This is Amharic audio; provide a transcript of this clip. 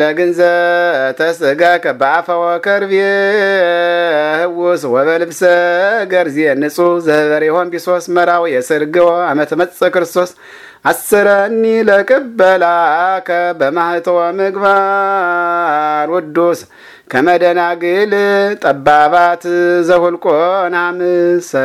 ለግንዘ ተስጋ በአፈወ ከርቤ ህውስ ወበልብሰ ገርዜ ንጹሕ ዘበሬሆን ቢሶስ መራው የስርግዎ አመ መጽ ክርስቶስ አስረኒ ለቅበላከ በማህተወ ምግባር ውዱስ ከመደናግል ጠባባት ዘሁልቆ ናምሰል